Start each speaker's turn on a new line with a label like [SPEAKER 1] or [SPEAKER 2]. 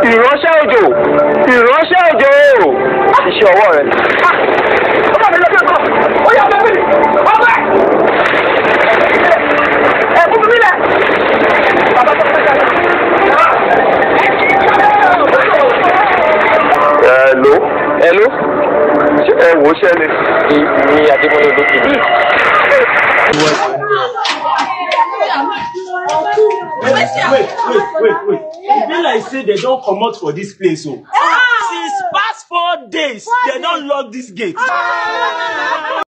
[SPEAKER 1] ìránṣẹ́ òjò ìránṣẹ́ òjò iṣẹ́ ọwọ́ rẹ.
[SPEAKER 2] ẹ̀ló ẹ̀ló ẹ wò ó ṣẹlẹ̀.
[SPEAKER 3] ìyá àdébọ̀lẹ̀ ló ti bí
[SPEAKER 4] wait wait wait
[SPEAKER 5] wait wait e be
[SPEAKER 3] like say don't
[SPEAKER 5] come out for this place o oh.
[SPEAKER 4] ah! since past four days dem don't
[SPEAKER 5] lock this gate. Ah!